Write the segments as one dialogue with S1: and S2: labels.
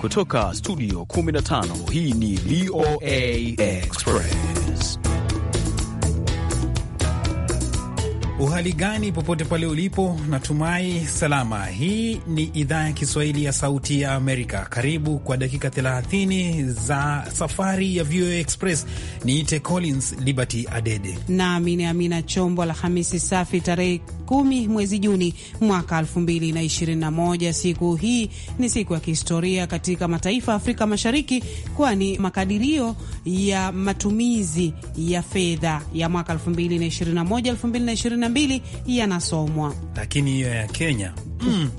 S1: Kutoka studio 15 hii ni VOA Express.
S2: Uhali gani popote pale ulipo, natumai salama. Hii ni idhaa ya Kiswahili ya Sauti ya Amerika. Karibu kwa dakika 30 za safari ya VOA Express. Niite Collins Liberty Adede
S3: nami ni Amina Chombo. Alhamisi safi tarehe kumi mwezi Juni mwaka elfu mbili na na ishirini moja. Siku hii ni siku ya kihistoria katika mataifa ya Afrika Mashariki, kwani makadirio ya matumizi ya fedha ya mwaka elfu elfu mbili mbili na na na ishirini ishirini moja na mbili yanasomwa,
S2: lakini hiyo ya Kenya mm.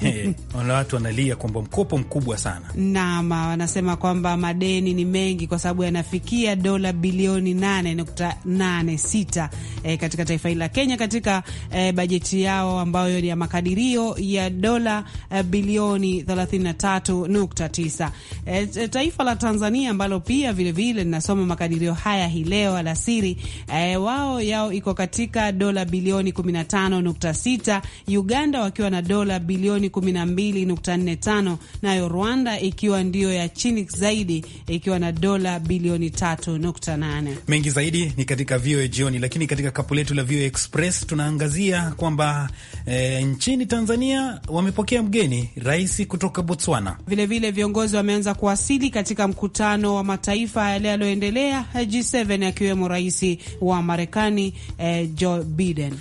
S2: Hey, eh, watu wanalia kwamba mkopo mkubwa sana
S3: nam, wanasema kwamba madeni ni mengi kwa sababu yanafikia dola bilioni 8.86 eh, katika taifa hili la Kenya katika eh, bajeti yao ambayo ni ya makadirio ya dola eh, bilioni 33.9. Eh, taifa la Tanzania ambalo pia vilevile linasoma makadirio haya hii leo alasiri eh, wao yao iko katika dola bilioni 15.6, Uganda wakiwa na dola bilioni 12.45, nayo Rwanda ikiwa ndiyo ya chini zaidi ikiwa na dola bilioni 3.8.
S2: Mengi zaidi ni katika VOA jioni, lakini katika kapu letu la VOA Express tunaangazia kwamba e, nchini Tanzania wamepokea mgeni rais kutoka Botswana.
S3: Vilevile vile viongozi wameanza kuwasili katika mkutano wa mataifa yale yaliyoendelea eh, G7, akiwemo rais wa Marekani e, Joe Biden.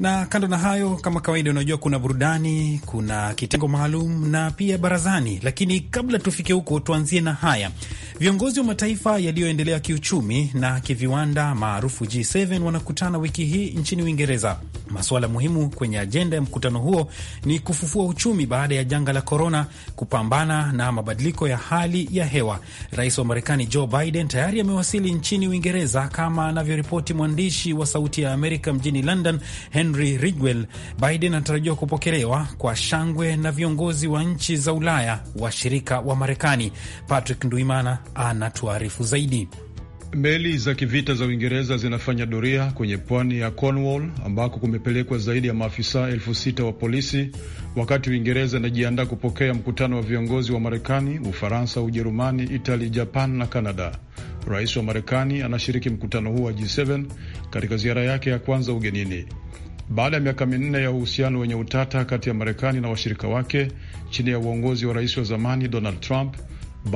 S3: Na kando na hayo,
S2: kama kawaida, unajua kuna burudani ndani, kuna kitengo maalum na pia barazani. Lakini kabla tufike huko, tuanzie na haya. Viongozi wa mataifa yaliyoendelea kiuchumi na kiviwanda maarufu G7 wanakutana wiki hii nchini Uingereza Masuala muhimu kwenye ajenda ya mkutano huo ni kufufua uchumi baada ya janga la korona, kupambana na mabadiliko ya hali ya hewa. Rais wa Marekani Joe Biden tayari amewasili nchini Uingereza, kama anavyoripoti mwandishi wa Sauti ya Amerika mjini London, Henry Ridgwell. Biden anatarajiwa kupokelewa kwa shangwe na viongozi wa nchi za Ulaya washirika wa Marekani. Patrick Nduimana anatuarifu zaidi.
S1: Meli za kivita za Uingereza zinafanya doria kwenye pwani ya Cornwall ambako kumepelekwa zaidi ya maafisa elfu sita wa polisi, wakati Uingereza inajiandaa kupokea mkutano wa viongozi wa Marekani, Ufaransa, Ujerumani, Itali, Japan na Kanada. Rais wa Marekani anashiriki mkutano huu wa G7 katika ziara yake ya kwanza ugenini baada ya miaka minne ya uhusiano wenye utata kati ya Marekani na washirika wake chini ya uongozi wa rais wa zamani Donald Trump.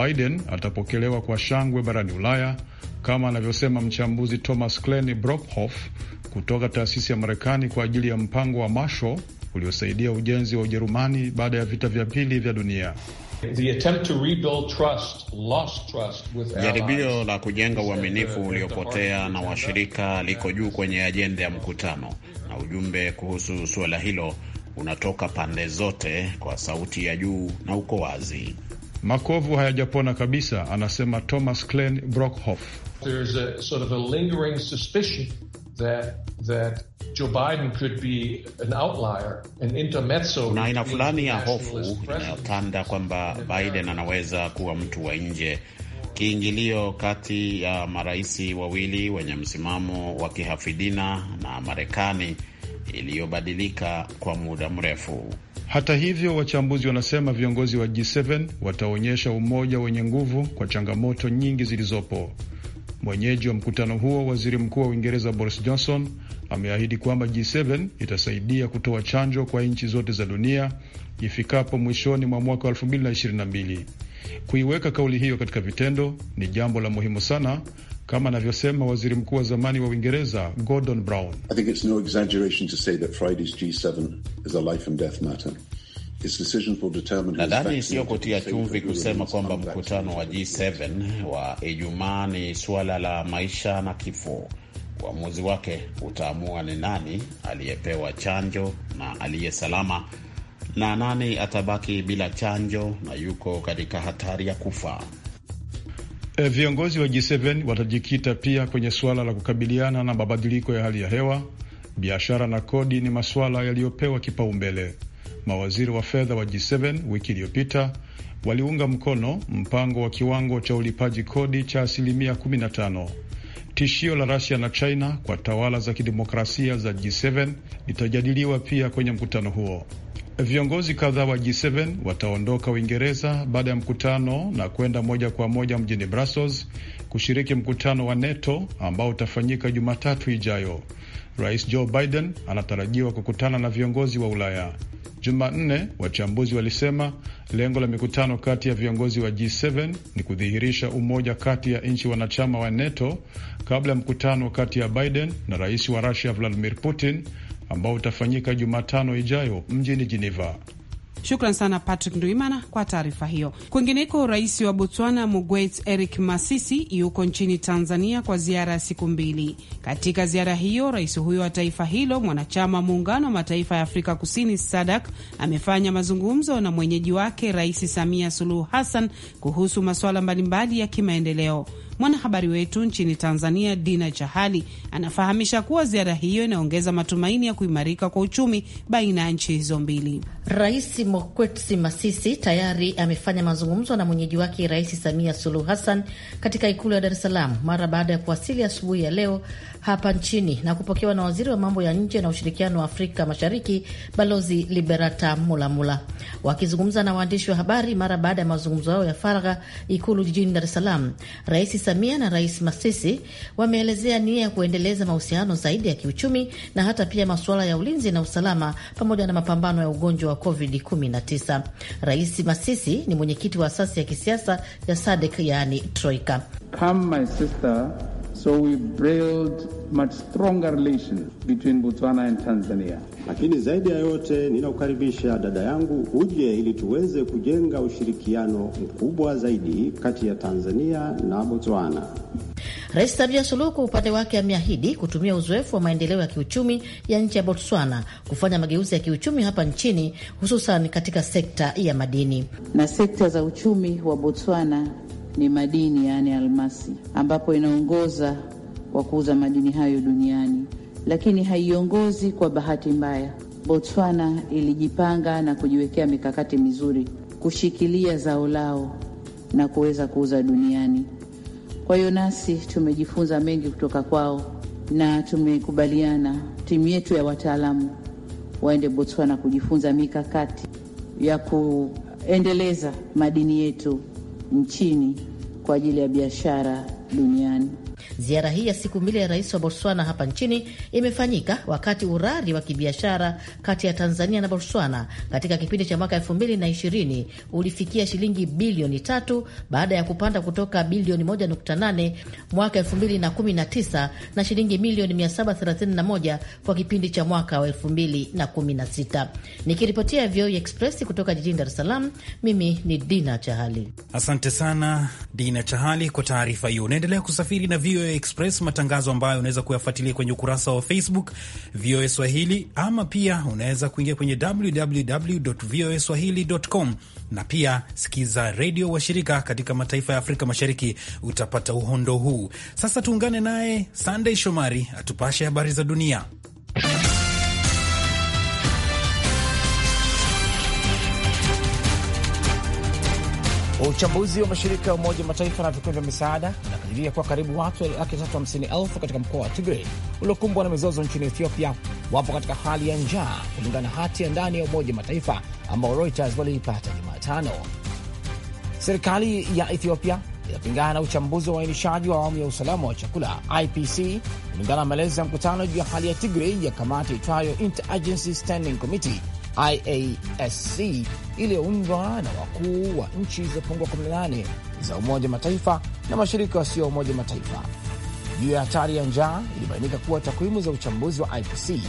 S1: Biden atapokelewa kwa shangwe barani Ulaya kama anavyosema mchambuzi Thomas Kleni Brophof kutoka taasisi ya Marekani kwa ajili ya mpango wa Marshall uliosaidia ujenzi wa Ujerumani baada ya vita vya pili vya dunia.
S4: Jaribio la kujenga uaminifu uliopotea na washirika liko
S1: juu kwenye ajenda ya mkutano, na ujumbe kuhusu suala hilo unatoka pande zote kwa sauti ya juu na uko wazi. Makovu hayajapona kabisa, anasema Thomas Klein Brockhoff. kuna aina fulani ya
S5: hofu inayotanda kwamba Biden
S1: anaweza kuwa mtu wa nje, kiingilio kati ya marais wawili wenye msimamo wa kihafidhina na Marekani iliyobadilika kwa muda mrefu. Hata hivyo, wachambuzi wanasema viongozi wa G7 wataonyesha umoja wenye nguvu kwa changamoto nyingi zilizopo. Mwenyeji wa mkutano huo, waziri mkuu wa Uingereza Boris Johnson ameahidi kwamba G7 itasaidia kutoa chanjo kwa nchi zote za dunia ifikapo mwishoni mwa mwaka 2022. Kuiweka kauli hiyo katika vitendo ni jambo la muhimu sana kama anavyosema waziri mkuu wa zamani wa Uingereza Gordon Brown. Nadhani siyo kutia chumvi kusema kwamba mkutano wa G7 wa Ijumaa ni suala la maisha na kifo. Uamuzi wake utaamua ni nani aliyepewa chanjo na aliye salama na nani atabaki bila chanjo na yuko katika hatari ya kufa. E, viongozi wa G7 watajikita pia kwenye suala la kukabiliana na mabadiliko ya hali ya hewa. Biashara na kodi ni masuala yaliyopewa kipaumbele. Mawaziri wa fedha wa G7 wiki iliyopita waliunga mkono mpango wa kiwango cha ulipaji kodi cha asilimia 15. Tishio la Rusia na China kwa tawala za kidemokrasia za G7 litajadiliwa pia kwenye mkutano huo. Viongozi kadhaa wa G7 wataondoka Uingereza baada ya mkutano na kwenda moja kwa moja mjini Brussels kushiriki mkutano wa NATO ambao utafanyika Jumatatu ijayo. Rais Joe Biden anatarajiwa kukutana na viongozi wa Ulaya Jumanne. Wachambuzi walisema lengo la mikutano kati ya viongozi wa G7 ni kudhihirisha umoja kati ya nchi wanachama wa NATO kabla ya mkutano kati ya Biden na rais wa Rusia Vladimir Putin ambao utafanyika Jumatano ijayo mjini Geneva.
S3: Shukran sana Patrick nduimana kwa taarifa hiyo. Kwingineko, rais wa Botswana Mugwet Eric Masisi yuko nchini Tanzania kwa ziara ya siku mbili. Katika ziara hiyo, rais huyo wa taifa hilo mwanachama muungano wa mataifa ya Afrika Kusini sadak amefanya mazungumzo na mwenyeji wake Rais Samia Suluhu Hassan kuhusu masuala mbalimbali ya kimaendeleo. Mwanahabari wetu nchini Tanzania, Dina Chahali, anafahamisha kuwa ziara hiyo inaongeza matumaini ya kuimarika kwa uchumi
S6: baina ya nchi hizo mbili. Rais Mokwetsi Masisi tayari amefanya mazungumzo na mwenyeji wake Rais Samia Suluhu Hassan katika ikulu ya Dar es Salaam mara baada ya kuwasili asubuhi ya leo hapa nchini na kupokewa na waziri wa mambo ya nje na ushirikiano wa Afrika Mashariki, Balozi Liberata Mulamula. Wakizungumza na waandishi wa habari mara baada ya mazungumzo yao ya faragha Ikulu jijini Dar es Salaam, Rais Samia na Rais Masisi wameelezea nia ya kuendeleza mahusiano zaidi ya kiuchumi na hata pia masuala ya ulinzi na usalama pamoja na mapambano ya ugonjwa wa COVID-19. Rais Masisi ni mwenyekiti wa asasi ya kisiasa ya SADC yaani Troika. Come my
S1: sister. So we build much stronger relations between Botswana and Tanzania. Lakini zaidi ya yote ninakukaribisha dada yangu uje ili tuweze kujenga ushirikiano mkubwa zaidi kati ya Tanzania na Botswana.
S6: Rais Samia Suluhu kwa upande wake ameahidi kutumia uzoefu wa maendeleo ya kiuchumi ya nchi ya Botswana kufanya mageuzi ya kiuchumi hapa nchini, hususan katika sekta ya madini na sekta za uchumi wa Botswana ni madini yaani almasi, ambapo inaongoza kwa kuuza madini hayo duniani, lakini haiongozi kwa bahati mbaya. Botswana ilijipanga na kujiwekea mikakati mizuri kushikilia zao lao na kuweza kuuza duniani. Kwa hiyo nasi tumejifunza mengi kutoka kwao na tumekubaliana timu yetu ya wataalamu waende Botswana kujifunza mikakati ya kuendeleza madini yetu nchini kwa ajili ya biashara duniani. Ziara hii ya siku mbili ya rais wa Botswana hapa nchini imefanyika wakati urari wa kibiashara kati ya Tanzania na Botswana katika kipindi cha mwaka 220 ulifikia shilingi bilioni tatu baada ya kupanda kutoka bilioni 1.8 mwaka 219 na, na shilingi milioni 731 kwa kipindi cha mwaka wa 216 Nikiripotia VOA e Express kutoka jijini Dar es Salaam, mimi ni Dina Chahali.
S2: Asante sana Dina Chahali kwa taarifa hiyo. Unaendelea kusafiri na VOA e VOA Express, matangazo ambayo unaweza kuyafuatilia kwenye ukurasa wa Facebook VOA Swahili, ama pia unaweza kuingia kwenye www voa swahili.com, na pia sikiza redio wa shirika katika mataifa ya Afrika Mashariki, utapata uhondo huu. Sasa tuungane naye Sandey Shomari atupashe habari za dunia.
S7: Uchambuzi wa mashirika ya Umoja Mataifa na vikundi vya misaada unakadiria kuwa karibu watu laki tatu hamsini elfu katika mkoa wa Tigrey uliokumbwa na mizozo nchini Ethiopia wapo katika hali ya njaa, kulingana na hati ya ndani ya Umoja Mataifa ambao Reuters waliipata Jumatano. Serikali ya Ethiopia inapingana na uchambuzi wa uainishaji wa awamu ya usalama wa chakula IPC, kulingana na maelezo ya mkutano juu ya hali ya Tigrey ya kamati itwayo Interagency Standing Committee IASC iliyoundwa na wakuu wa nchi zilizopungwa 18 za Umoja Mataifa na mashirika wasio Umoja Mataifa juu ya hatari ya njaa. Ilibainika kuwa takwimu za uchambuzi wa IPC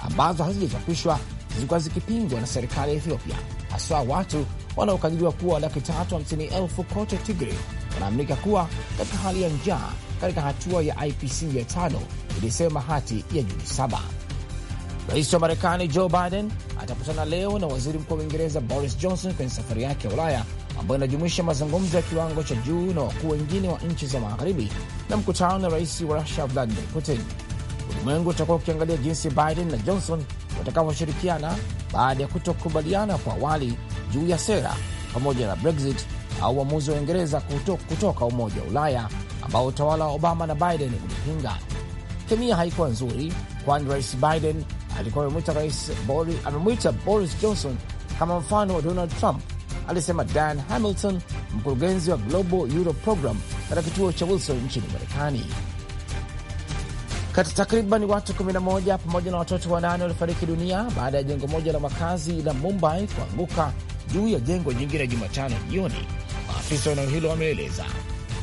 S7: ambazo hazijachapishwa zilikuwa zikipingwa na serikali ya Ethiopia, haswa watu wanaokadiriwa kuwa laki tatu hamsini elfu kote Tigre wanaaminika kuwa katika hali ya njaa katika hatua ya IPC ya tano, ilisema hati ya Juni saba. Rais wa Marekani Joe Biden atakutana leo na waziri mkuu wa Uingereza Boris Johnson kwenye safari yake ya Ulaya ambayo inajumuisha mazungumzo ya kiwango cha juu na wakuu wengine wa nchi za magharibi na mkutano na rais wa Rusia Vladimir Putin. Ulimwengu utakuwa ukiangalia jinsi Biden na Johnson watakavyoshirikiana baada ya kutokubaliana kwa awali juu ya sera pamoja na Brexit au uamuzi wa Uingereza kutoka Umoja wa Ulaya ambao utawala wa Obama na Biden ulipinga. Kemia haikuwa nzuri, kwani rais Biden alikuwa amemwita rais amemwita Boris Johnson kama mfano wa Donald Trump, alisema Dan Hamilton, mkurugenzi wa Global Euro Program katika kituo cha Wilson nchini Marekani. Kati takriban watu 11 pamoja na watoto wanane walifariki dunia baada ya jengo moja la makazi la Mumbai kuanguka juu ya jengo jingine Jumatano jioni, maafisa wa eneo hilo wameeleza.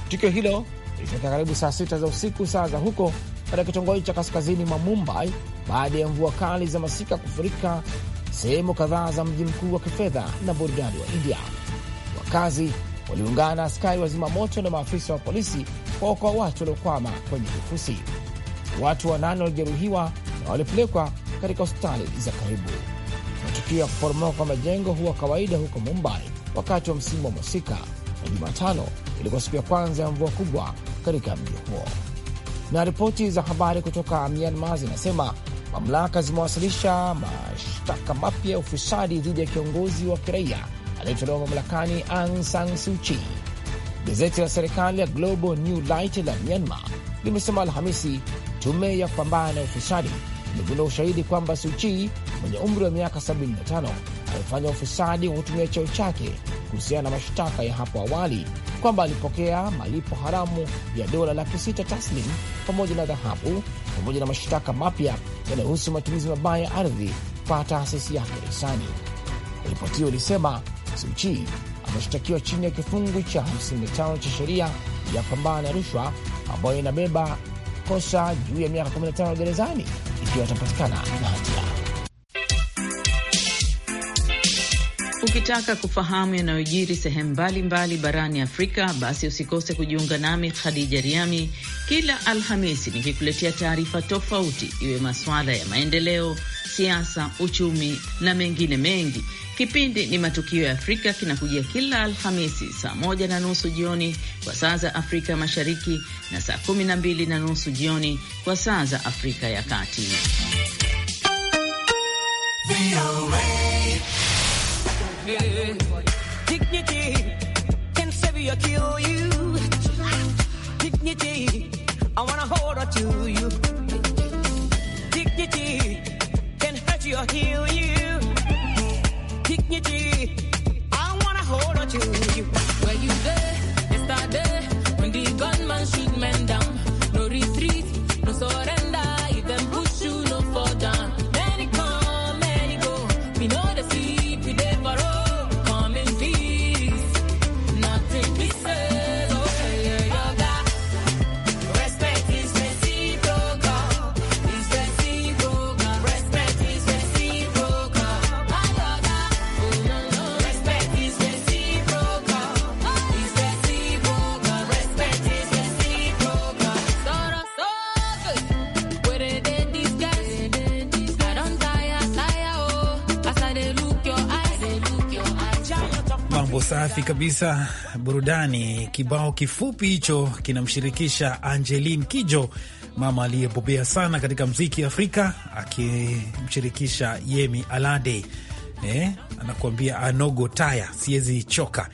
S7: Tukio hilo lilitokea karibu saa sita za usiku saa za huko katika kitongoji cha kaskazini mwa Mumbai baada ya mvua kali za masika kufurika sehemu kadhaa za mji mkuu wa kifedha na burudani wa India. Wakazi waliungana na askari wa zimamoto na maafisa wa polisi kuwaokoa watu waliokwama kwenye vifusi. Watu wanane walijeruhiwa na walipelekwa katika hospitali za karibu. Matukio ya kuporomoka kwa majengo huwa kawaida huko Mumbai wakati wa msimu wa masika, na Jumatano ilikuwa siku ya kwanza ya mvua kubwa katika mji huo na ripoti za habari kutoka Myanmar zinasema mamlaka zimewasilisha mashtaka mapya ya ufisadi dhidi ya kiongozi wa kiraia aliyetolewa mamlakani Aung San Suu Kyi. Gazeti la serikali ya Global New Light la Myanmar limesema Alhamisi tume ya kupambana na ufisadi imegundua ushahidi kwamba Suu Kyi mwenye umri wa miaka 75 amefanya ufisadi wa kutumia cheo chake kuhusiana na mashtaka ya hapo awali kwamba alipokea malipo haramu ya dola laki sita taslim pamoja na dhahabu pamoja na mashtaka mapya yanayohusu matumizi mabaya ya ardhi kwa taasisi yake hisani. Ripoti hiyo ilisema Suchi ameshtakiwa chini ya kifungu cha 55 cha sheria ya pambana na rushwa ambayo inabeba kosa juu ya miaka 15 gerezani ikiwa atapatikana na
S4: hatia.
S6: Ukitaka kufahamu yanayojiri sehemu mbalimbali barani Afrika, basi usikose kujiunga nami Khadija Riami kila Alhamisi nikikuletea taarifa tofauti, iwe masuala ya maendeleo, siasa, uchumi na mengine mengi. Kipindi ni Matukio ya Afrika kinakujia kila Alhamisi saa moja na nusu jioni kwa saa za Afrika Mashariki na saa kumi na mbili na nusu jioni kwa saa za Afrika ya Kati.
S4: Dignity can save you or kill you. Dignity, I wanna hold on to you. Dignity can hurt you or heal you. Dignity, I wanna hold on to you. Were you there yesterday when the gunman shoot men?
S2: Safi kabisa, burudani kibao kifupi hicho kinamshirikisha Angeline Kijo, mama aliyebobea sana katika mziki Afrika, akimshirikisha Yemi Alade eh, anakuambia anogo taya siwezi choka.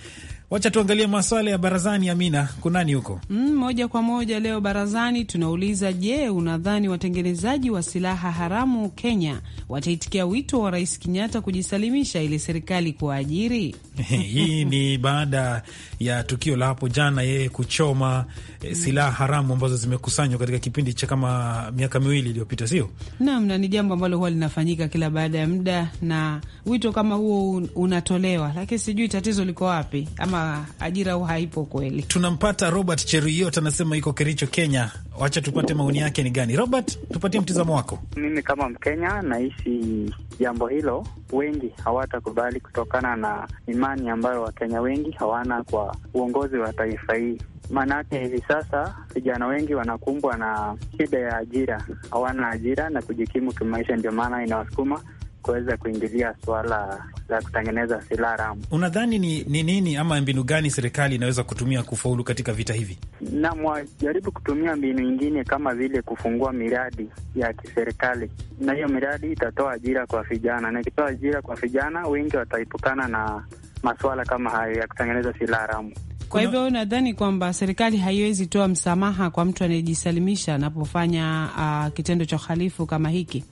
S2: Wacha tuangalie maswala ya barazani. Amina, kunani huko?
S3: Mm, moja kwa moja leo barazani tunauliza, je, unadhani watengenezaji wa silaha haramu Kenya wataitikia wito wa Rais Kenyatta kujisalimisha ili serikali kuwaajiri?
S2: Hii ni baada ya tukio la hapo jana, yeye kuchoma e, silaha haramu ambazo zimekusanywa katika kipindi cha kama miaka miwili iliyopita, sio
S3: naam? Na ni jambo ambalo huwa linafanyika kila baada ya muda, na wito kama huo unatolewa, lakini sijui tatizo liko wapi ama ajira au haipo kweli.
S2: Tunampata Robert Cheruiyot, anasema iko Kericho, Kenya. Wacha tupate maoni yake ni gani. Robert, tupatie mtizamo wako.
S5: Mimi kama Mkenya nahisi jambo hilo wengi hawatakubali kutokana na imani ambayo Wakenya wengi hawana kwa uongozi wa taifa hii. Maanake hivi sasa vijana wengi wanakumbwa na shida ya ajira, hawana ajira na kujikimu kimaisha, ndio maana inawasukuma kuweza kuingilia suala la kutengeneza silaha ramu.
S2: Unadhani ni, ni nini ama mbinu gani serikali inaweza kutumia kufaulu katika vita hivi?
S5: Naam, wajaribu kutumia mbinu ingine kama vile kufungua miradi ya kiserikali, na hiyo miradi itatoa ajira kwa vijana, na ikitoa ajira kwa vijana wengi wataepukana na masuala kama hayo ya kutengeneza silaha ramu. Kwa hivyo
S3: unadhani kwamba serikali haiwezi toa msamaha kwa mtu anayejisalimisha anapofanya uh, kitendo cha uhalifu kama hiki.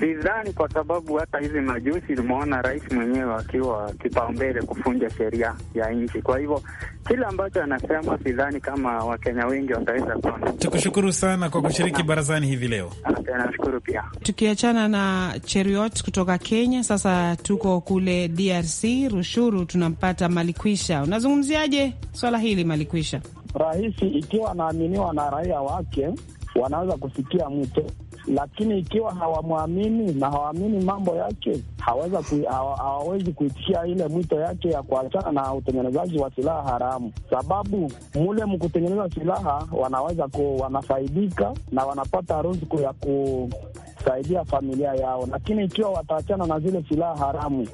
S5: Sidhani, kwa sababu hata hizi majuzi tumeona rais mwenyewe akiwa kipaumbele kufunja sheria ya nchi. Kwa hivyo kile ambacho anasema, sidhani kama Wakenya wengi wataweza kuona. Tukushukuru
S2: sana kwa kushiriki barazani hivi leo.
S5: Nashukuru pia.
S3: Tukiachana na Cheriot kutoka Kenya, sasa tuko kule DRC, Rushuru, tunampata Malikwisha. Unazungumziaje
S5: swala hili Malikwisha? Rais ikiwa anaaminiwa na raia wake, wanaweza kufikia mto lakini ikiwa hawamwamini na hawaamini mambo yake hawaweza ku, hawa, hawawezi kuitia ile mwito yake ya kuachana na utengenezaji wa silaha haramu, sababu mule mkutengeneza silaha wanaweza ku, wanafaidika na wanapata ruzuku ya kusaidia familia yao, lakini ikiwa wataachana na zile silaha haramu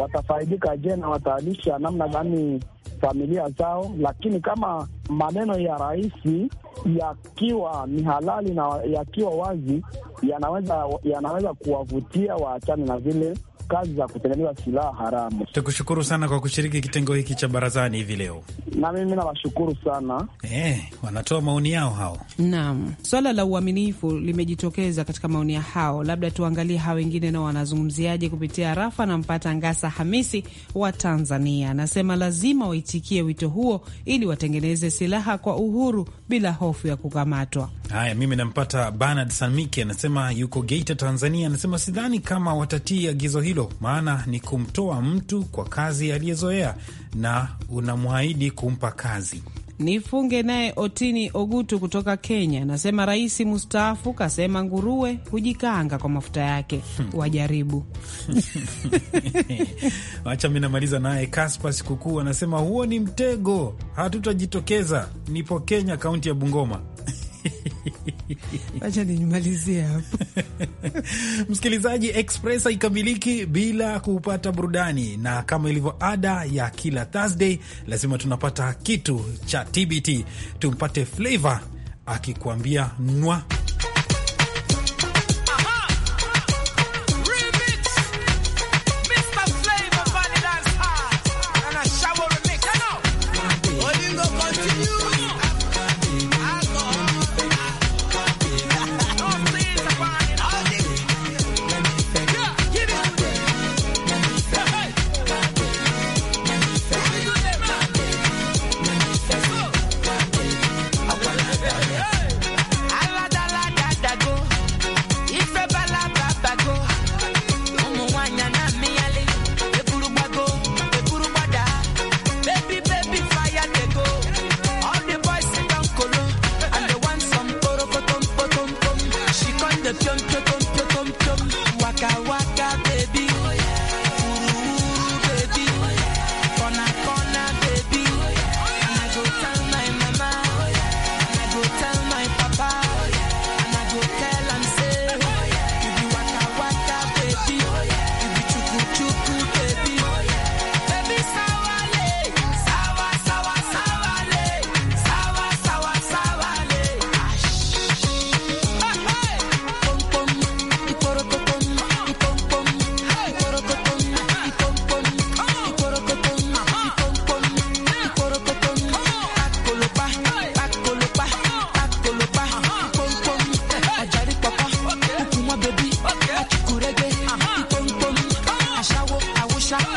S5: watafaidika je na wataalisha namna gani familia zao. Lakini kama maneno ya rais yakiwa ni halali na yakiwa wazi, yanaweza yanaweza kuwavutia waachane na zile kazi za kutengeneza silaha haramu.
S2: Tukushukuru sana kwa kushiriki kitengo hiki cha barazani hivi leo,
S3: na mimi nawashukuru sana
S2: eh, wanatoa maoni yao hao.
S3: Naam, swala la uaminifu limejitokeza katika maoni ya hao, labda tuangalie hao wengine nao wanazungumziaje. Kupitia rafa Mpata Ngasa Hamisi wa Tanzania, anasema lazima waitikie wito huo ili watengeneze silaha kwa uhuru bila hofu ya kukamatwa.
S2: Haya, mimi nampata Bernard Samike, anasema yuko Geita, Tanzania, anasema sidhani kama watatii agizo hilo hilo, maana ni kumtoa mtu kwa kazi aliyezoea na unamwahidi kumpa kazi.
S3: Nifunge naye Otini Ogutu kutoka Kenya anasema rais mustaafu kasema nguruwe hujikanga kwa mafuta yake, hmm. wajaribu.
S2: Wacha mi namaliza naye Kaspa Sikukuu anasema huo ni mtego, hatutajitokeza. Nipo Kenya, kaunti ya Bungoma.
S3: Acha nimalizie hapo
S2: msikilizaji. Express haikamiliki bila kupata burudani, na kama ilivyo ada ya kila Thursday, lazima tunapata kitu cha TBT. Tumpate Flavor akikuambia nwa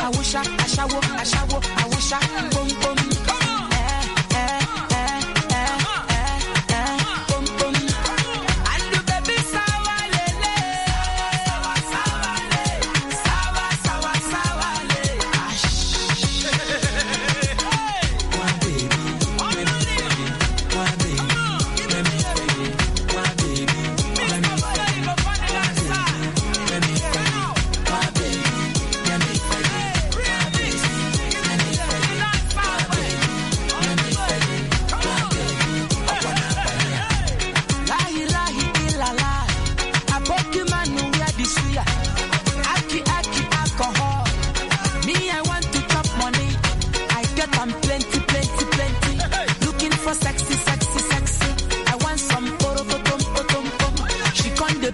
S4: I I I wish I ṣá aṣáwó aṣáwó àwòṣá I.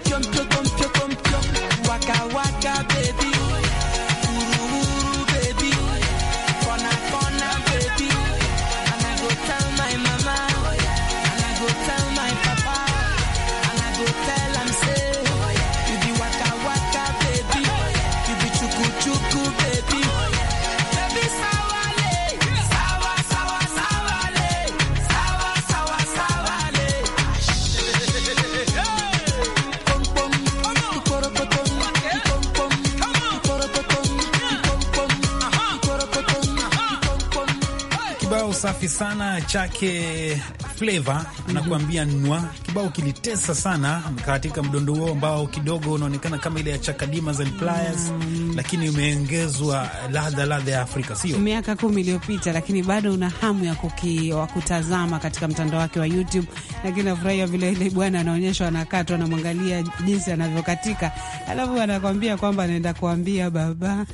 S4: chomp, chomp, chomp, waka waka.
S2: safi sana chake Flavor anakuambia nwa kibao kilitesa sana katika mdondo huo ambao kidogo unaonekana kama ile ya Chakadima za Pliers mm, lakini umeongezwa ladha ladha ya Afrika sio
S3: miaka kumi iliyopita, lakini bado una hamu ya kutazama katika mtandao wake wa YouTube lakini nafurahia vile ile bwana anaonyeshwa, anakatwa, anamwangalia jinsi anavyokatika, alafu anakwambia kwamba anaenda kuambia baba.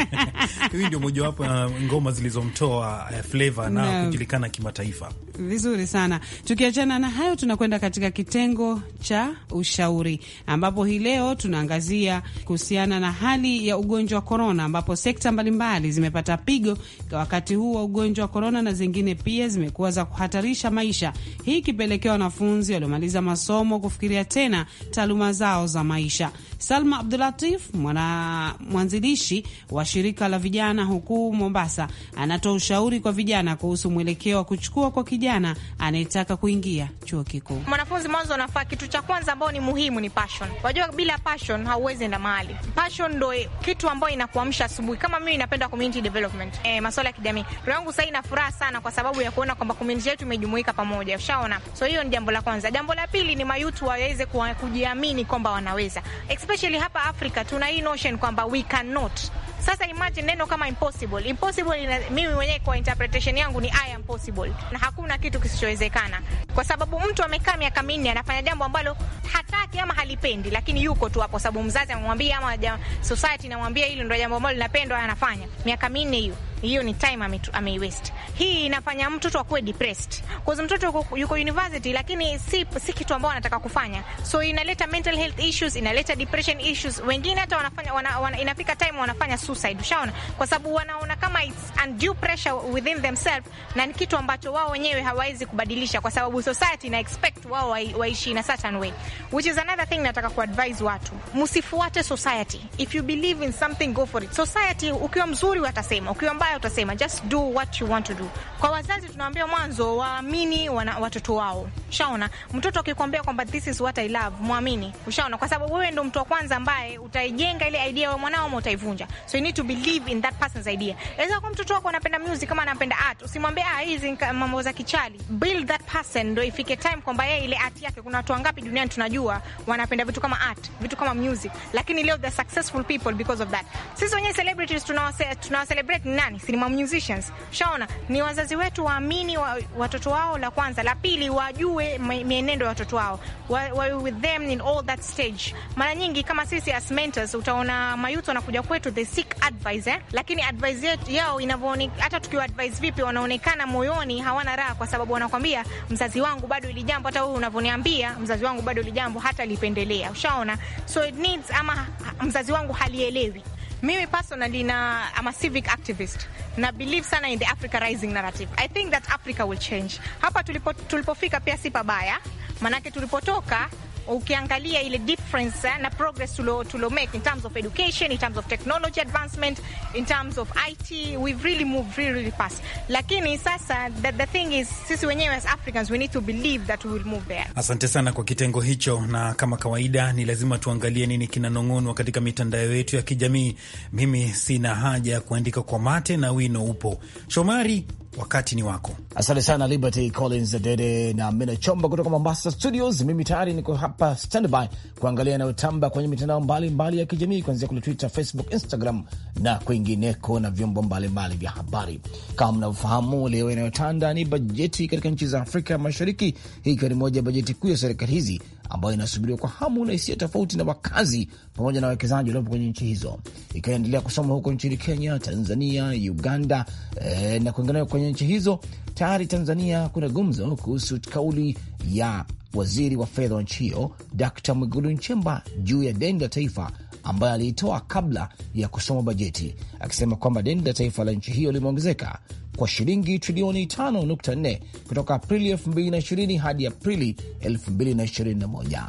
S2: Hii ndio mojawapo ya ngoma zilizomtoa uh, eh, Flava na kujulikana kimataifa
S3: vizuri sana. Tukiachana na hayo, tunakwenda katika kitengo cha ushauri, ambapo hii leo tunaangazia kuhusiana na hali ya ugonjwa wa korona, ambapo sekta mbalimbali zimepata pigo wakati huu wa ugonjwa wa korona na zingine pia zimekuwa za kuhatarisha maisha, hii ikipelekea kusaidia wanafunzi waliomaliza masomo kufikiria tena taaluma zao za maisha. Salma Abdulatif, mwana mwanzilishi wa shirika la vijana huku Mombasa, anatoa ushauri kwa vijana kuhusu mwelekeo wa kuchukua kwa kijana anayetaka kuingia chuo kikuu.
S8: Mwanafunzi mwanzo anafaa, kitu cha kwanza ambao ni muhimu ni passion. Wajua, bila passion hauwezi enda mahali. Passion ndo kitu ambayo inakuamsha asubuhi. Kama mimi napenda community development, eh, masuala ya kijamii. Roho yangu sasa ina furaha sana kwa sababu ya kuona kwamba community yetu imejumuika pamoja. Ushaona? So hiyo hiyo ni jambo la kwanza. Jambo la pili ni mayutu waweze kujiamini kwamba wanaweza, especially hapa Afrika tuna hii notion kwamba we cannot sasa imagine neno kama impossible. Impossible ina, mimi mwenyewe kwa interpretation yangu ni I am possible. Na hakuna kitu kisichowezekana. Kwa sababu mtu amekaa miaka minne anafanya jambo ambalo hataki ama halipendi, lakini yuko tu hapo sababu mzazi amemwambia ama society inamwambia hilo ndio jambo ambalo linapendwa anafanya. Miaka minne hiyo. Hiyo ni time ame, ame waste. Hii inafanya mtoto akuwe depressed. Kwa sababu mtoto yuko, yuko university lakini si, si kitu ambao anataka kufanya. So inaleta mental health issues, inaleta depression issues. Wengine hata wanafanya wana, wana, inafika time wanafanya su suicide, ushaona, kwa sababu wanaona kama it's undue pressure within themselves, na ni kitu ambacho wao wenyewe hawawezi kubadilisha, kwa sababu society ina expect wao waishi in a certain way, which is another thing nataka ku advise watu, msifuate society. If you believe in something, go for it. Society ukiwa mzuri watasema, ukiwa mbaya utasema, just do what you want to do. Kwa wazazi tunawaambia mwanzo waamini watoto wao, ushaona. Mtoto akikwambia kwamba this is what I love, mwamini, ushaona, kwa sababu wewe ndo mtu wa kwanza ambaye utaijenga ile idea ya mwanao ama utaivunja, so need to believe in that person's idea. Naweza kuwa mtoto wako anapenda music kama anapenda art, usimwambie ah, hizi mambo za kichali. Build that person ndio ifike time kwamba yeye ile art yake. Kuna watu wangapi duniani tunajua wanapenda vitu kama art, vitu kama music, lakini leo the successful people because of that. Sisi wenyewe celebrities tunawa tunawa celebrate nani? Cinema musicians. Shaona, ni wazazi wetu waamini wa, watoto wao la kwanza, la pili wajue mienendo ya watoto wao. Wa, wa with them in all that stage. Mara nyingi kama sisi as mentors utaona mayuto wanakuja kwetu the seek like advice eh, lakini advice yetu yao inavyoonekana, hata tukiwa advice vipi, wanaonekana moyoni hawana raha, kwa sababu wanakwambia mzazi wangu bado ili jambo, hata wewe unavyoniambia mzazi wangu bado ili jambo hata lipendelea, ushaona, so it needs ama mzazi wangu halielewi. Mimi personally na I'm a civic activist na believe sana in the Africa rising narrative. I think that Africa will change. Hapa tulipo, tulipofika pia si pabaya, manake tulipotoka ukiangalia ile difference eh, na progress tulo, tulo make in terms of education, in terms of technology advancement, in terms of IT, we've really moved really, really fast. Lakini sasa the, the thing is sisi wenyewe as Africans we need to believe that we will move there.
S2: Asante sana kwa kitengo hicho, na kama kawaida ni lazima tuangalie nini kinanong'onwa katika mitandao yetu ya kijamii. Mimi sina haja ya kuandika kwa mate na wino upo. Shomari wakati ni wako.
S7: Asante sana Liberty Collins Adede na Mina Chomba kutoka Mombasa Studios. Mimi tayari niko hapa standby kuangalia yanayotamba kwenye mitandao mbalimbali ya kijamii, kuanzia kule Twitter, Facebook, Instagram na kwingineko, na vyombo mbalimbali vya habari. Kama mnavyofahamu, leo inayotanda ni bajeti katika nchi za Afrika Mashariki. Hii ikiwa ni moja ya bajeti kuu ya serikali hizi ambayo inasubiriwa kwa hamu na hisia tofauti na wakazi pamoja na wawekezaji waliopo kwenye nchi hizo, ikaendelea kusoma huko nchini Kenya, Tanzania, Uganda e, na kuinginea kwenye nchi hizo. Tayari Tanzania kuna gumzo kuhusu kauli ya waziri wa fedha wa nchi hiyo d Mwigulu Nchemba juu ya deni la taifa ambayo aliitoa kabla ya kusoma bajeti, akisema kwamba deni la taifa la nchi hiyo limeongezeka kwa shilingi trilioni 5.4 kutoka Aprili 2020 hadi Aprili 2021.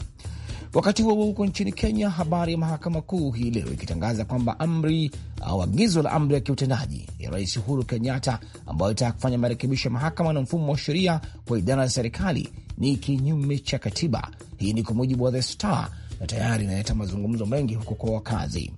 S7: Wakati huo huko nchini Kenya, habari ya mahakama kuu hii leo ikitangaza kwamba amri au agizo la amri ya kiutendaji ya Rais Uhuru Kenyatta ambayo itaka kufanya marekebisho ya mahakama na mfumo wa sheria kwa idara ya serikali ni kinyume cha katiba. Hii ni kwa mujibu wa The Star na tayari inaleta mazungumzo mengi huko kwa wakazi.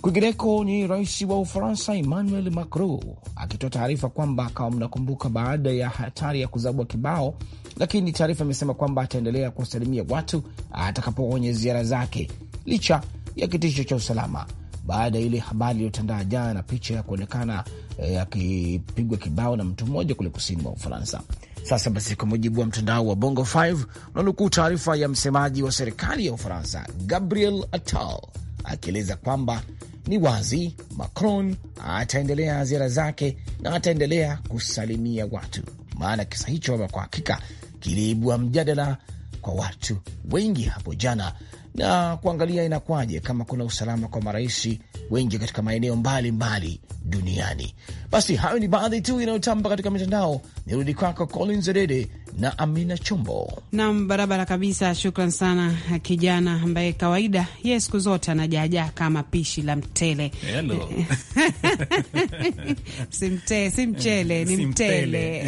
S7: Kwingineko ni rais wa Ufaransa Emmanuel Macron akitoa taarifa kwamba, kama mnakumbuka, baada ya hatari ya kuzabwa kibao, lakini taarifa imesema kwamba ataendelea kuwasalimia watu atakapokuwa kwenye ziara zake licha ya kitisho cha usalama baada ya ile habari iliyotandaa jana na picha ya kuonekana eh, akipigwa kibao na mtu mmoja kule kusini mwa Ufaransa. Sasa basi, kwa mujibu wa mtandao wa Bongo 5 unanukuu taarifa ya msemaji wa serikali ya Ufaransa Gabriel Attal akieleza kwamba ni wazi Macron ataendelea ziara zake na ataendelea kusalimia watu, maana kisa hicho kwa hakika kiliibua mjadala kwa watu wengi hapo jana na kuangalia inakwaje kama kuna usalama kwa marais wengi katika maeneo mbalimbali duniani. Basi hayo ni baadhi tu inayotamba katika mitandao. Nirudi kwako Colin Adede na Amina Chombo.
S3: nam barabara kabisa. Shukran sana kijana ambaye kawaida ye siku zote anajaja kama pishi la mtele. Simte, si mchele ni mtele.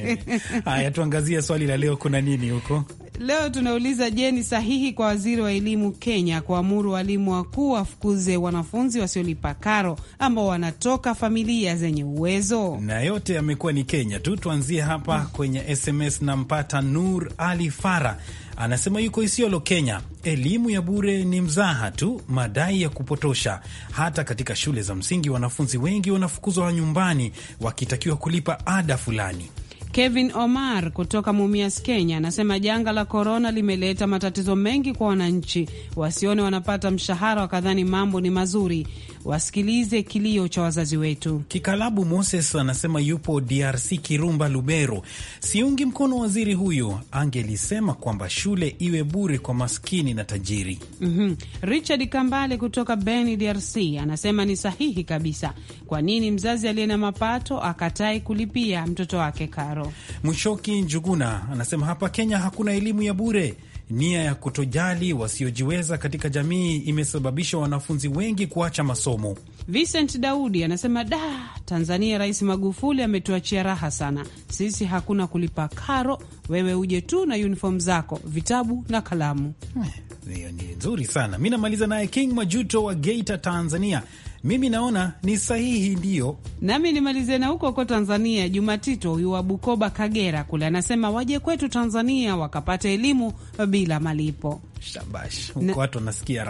S2: Haya, tuangazie swali la leo, kuna nini huko?
S3: Leo tunauliza, je, ni sahihi kwa waziri wa elimu Kenya kuamuru walimu wakuu wafukuze wanafunzi wasiolipa karo ambao wanatoka familia zenye uwezo?
S2: Na yote yamekuwa ni Kenya tu. Tuanzie hapa mm, kwenye SMS nampata Nur Ali Fara anasema yuko Isiolo, Kenya. Elimu ya bure ni mzaha tu, madai ya kupotosha. Hata katika shule za msingi wanafunzi wengi wanafukuzwa nyumbani wakitakiwa kulipa ada fulani.
S3: Kevin Omar kutoka Mumias, Kenya, anasema janga la korona limeleta matatizo mengi kwa wananchi, wasione wanapata mshahara wakadhani mambo ni mazuri wasikilize kilio cha wazazi wetu. Kikalabu
S2: Moses anasema yupo DRC, Kirumba, Lubero. Siungi mkono waziri huyo, angelisema kwamba shule iwe bure kwa maskini na tajiri.
S3: mm -hmm. Richard Kambale kutoka Beni, DRC anasema ni sahihi kabisa. Kwa nini mzazi aliye na mapato akatae kulipia mtoto wake karo?
S2: Mshoki Njuguna anasema hapa Kenya hakuna elimu ya bure Nia ya kutojali wasiojiweza katika jamii imesababisha wanafunzi wengi kuacha masomo.
S3: Vincent Daudi anasema da, Tanzania Rais Magufuli ametuachia raha sana sisi, hakuna kulipa karo, wewe uje tu na uniform zako, vitabu na kalamu. Eh, hiyo ni
S2: nzuri sana. Mi
S3: namaliza naye King Majuto wa Geita, Tanzania mimi naona ni sahihi, ndiyo. Nami nimalizie na huko huko Tanzania. Jumatito huyu wa Bukoba, Kagera kule anasema waje kwetu Tanzania wakapata elimu bila malipo. Shabash, huko
S2: watu wanasikia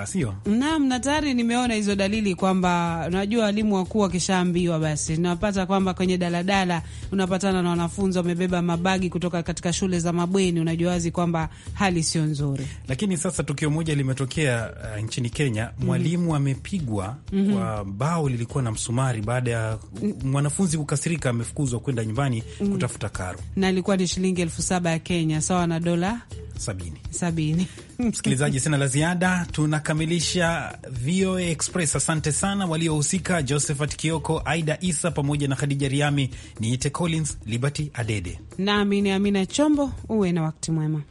S3: Naam, na tayari nimeona hizo dalili kwamba unajua walimu wakuu wakishaambiwa, basi napata kwamba kwenye daladala unapatana na wanafunzi wamebeba mabagi kutoka katika shule za mabweni, unajua wazi kwamba hali sio nzuri. Lakini sasa tukio moja limetokea
S2: uh, nchini Kenya,
S3: mhm. mwalimu mm -hmm. amepigwa mm -hmm. kwa bao
S2: lilikuwa na msumari baada ya mm. mwanafunzi kukasirika, amefukuzwa kwenda nyumbani mm -hmm. kutafuta karo,
S3: na ilikuwa ni shilingi elfu saba ya Kenya sawa na dola sabini sabini Msikilizaji, sina
S2: la ziada, tunakamilisha VOA Express. Asante sana waliohusika, Josephat Kioko, Aida Isa pamoja na Khadija Riami. Niite Collins Liberty Adede
S3: nami ni Amina Chombo. Uwe na wakati mwema.